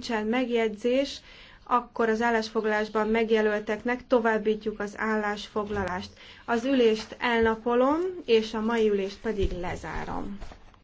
nincsen megjegyzés, akkor az állásfoglalásban megjelölteknek továbbítjuk az állásfoglalást. Az ülést elnapolom, és a mai ülést pedig lezárom.